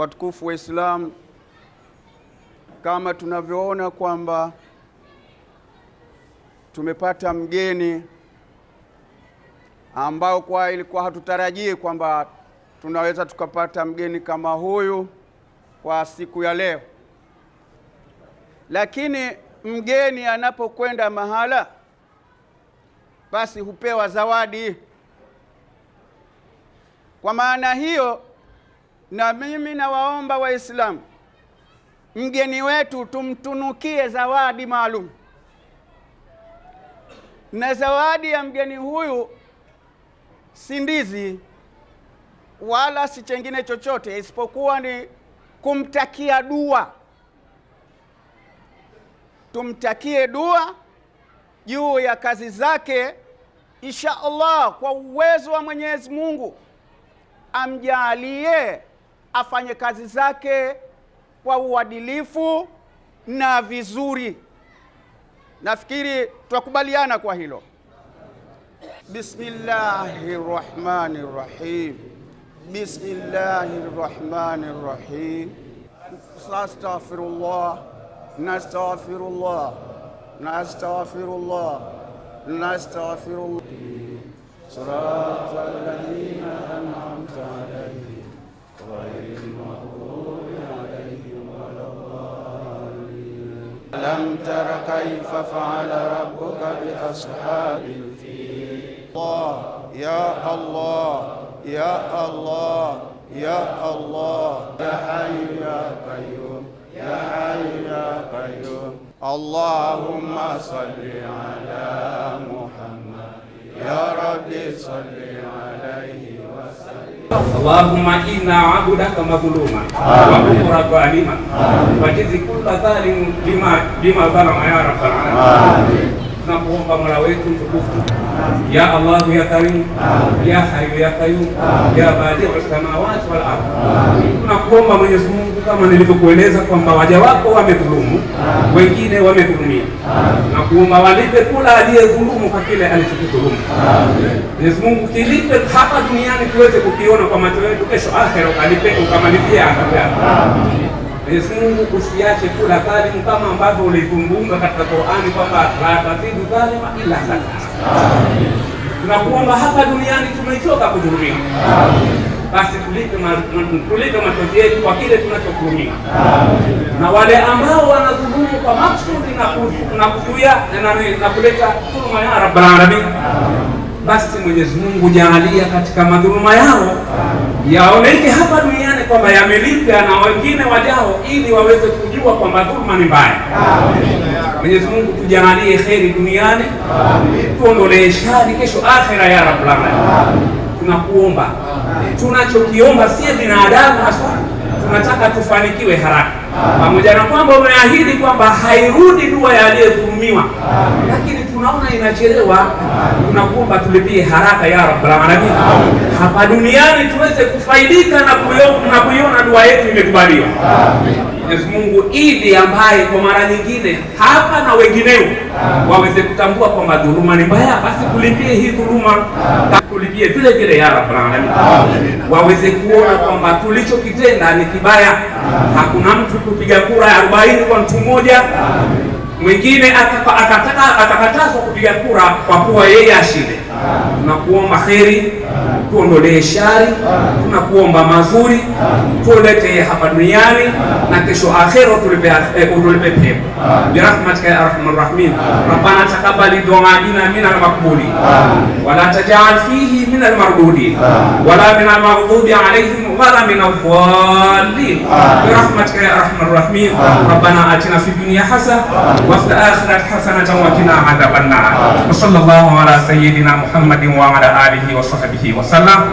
watukufu wa Islam, kama tunavyoona kwamba tumepata mgeni ambao kwa ilikuwa hatutarajii kwamba tunaweza tukapata mgeni kama huyu kwa siku ya leo, lakini mgeni anapokwenda mahala basi hupewa zawadi. Kwa maana hiyo na mimi nawaomba Waislamu, mgeni wetu tumtunukie zawadi maalum, na zawadi ya mgeni huyu si ndizi wala si chengine chochote isipokuwa ni kumtakia dua. Tumtakie dua juu ya kazi zake, insha Allah, kwa uwezo wa Mwenyezi Mungu amjalie afanye kazi zake kwa uadilifu na vizuri. Nafikiri tutakubaliana kwa hilo. Bismillahir Rahmanir Rahim. Bismillahir Rahmanir Rahim. Astaghfirullah. Nastaghfirullah. Nastaghfirullah. Nastaghfirullah. Suratul ألم تر كيف فعل ربك بأصحاب الفيل الله يا الله يا الله يا الله يا حي يا قيوم يا حي يا قيوم اللهم صل على محمد يا رب صل Allahumma inna abudaka madhuluma wa kufura dhalima wajizi kulla dhalim bima bima dhalama ya rabbal alamin tunapoomba Mola wetu mtukufu, ya Allahu ya Karimu, ya Hayyu ya Qayyum, ya Badi'us samawati wal ardh, tunakuomba Mwenyezi Mungu, kama nilivyokueleza kwamba waja wako wamedhulumu, wengine wamedhulumia, tunakuomba walipe kula aliyedhulumu kwa kile alichokidhulumu. Mwenyezi Mungu, kilipe hapa duniani tuweze kukiona kwa macho yetu, kesho akhera ukalipe ukamalizia adhabu yako. Mwenyezi Mungu usiache kula dhalimu kama ambavyo ulizungumza katika Qur'ani kwamba la tazidu dhalima illa zaka. Tunakuomba hapa duniani tumechoka kudhulumiwa. Amen. Basi tulipe ma, tulipe machozi yetu kwa kile tunachodhulumiwa. Na wale ambao wanadhulumu kwa maksudi na kuzuia na kuleta dhuluma ya Rabbul Alamin. Basi Mwenyezi Mungu jaalia katika madhuluma yao yaoneke hapa duniani kwamba yamelipa na wengine wajao, ili waweze kujua kwamba dhulma ni mbaya. Mwenyezi Mungu tujalie kheri duniani, tuondolee shari kesho akhera, ya rabbal alamin. Tunakuomba, tunachokiomba sie binadamu hasa tunataka tufanikiwe haraka, pamoja na kwamba umeahidi kwamba hairudi dua ya aliyedhulumiwa, lakini tunaona inachelewa, tunakuomba tulipie haraka ya rabbal alamin, hapa duniani tuweze kufaidika na kuiona dua yetu imekubaliwa. Mwenyezi Mungu ili ambaye kwa mara nyingine hapa na wengineo waweze kutambua kwamba dhuluma ni mbaya, basi kulipie hii dhuluma, kulipie vile vile ya rabbal alamin, waweze kuona kwamba tulichokitenda ni kibaya. Hakuna mtu kupiga kura ya arobaini kwa mtu mmoja mwingine atakatazwa kupiga kura kwa kuwa yeye ashinde. Tunakuomba kheri, tuondolee shari, tunakuomba mazuri, tuletee hapa duniani na kesho akhera, tulipe eh, pepo birahmatika ya arhamar rahimin. Rabbana taqabbal du'aana minal maqbulin wa la taj'al fihi min almardudin wala min minal maghdubi alayhim wala minal dhalin bi rahmatika ya arhamar ya rahimin rabbana atina fid dunya hasanatan wa fil akhirati hasanatan wa qina wa sallallahu ala sayyidina muhammadin wa ala alihi wa sahbihi wa sallam